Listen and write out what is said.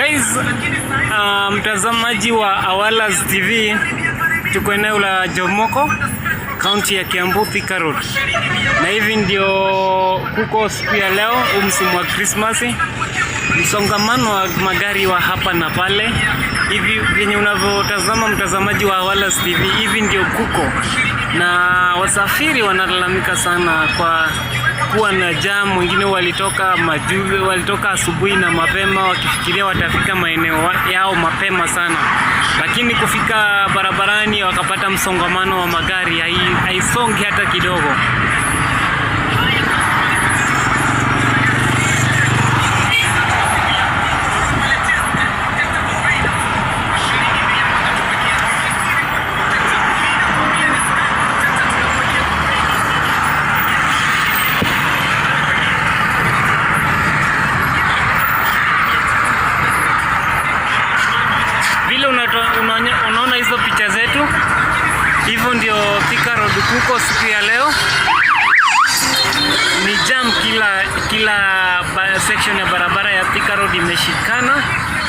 Guys, mtazamaji uh, mtazamaji wa Awalas TV, tuko eneo la Jomoko, kaunti ya Kiambu, Thika Road, na hivi ndio kuko siku ya leo, huu msimu wa Krismasi, msongamano wa magari wa hapa na pale. Hivi vyenye unavyotazama mtazamaji wa Awalas TV, hivi ndio kuko na wasafiri wanalalamika sana kwa kuwa na jamu, wengine walitoka majuve, walitoka asubuhi na mapema wakifikiria watafika maeneo yao mapema sana, lakini kufika barabarani wakapata msongamano wa magari, haisongi hata kidogo. unaona hizo picha zetu. Hivyo ndio Thika Road kuko siku ya leo, ni jam kila, kila section ya barabara ya Thika Road imeshikana.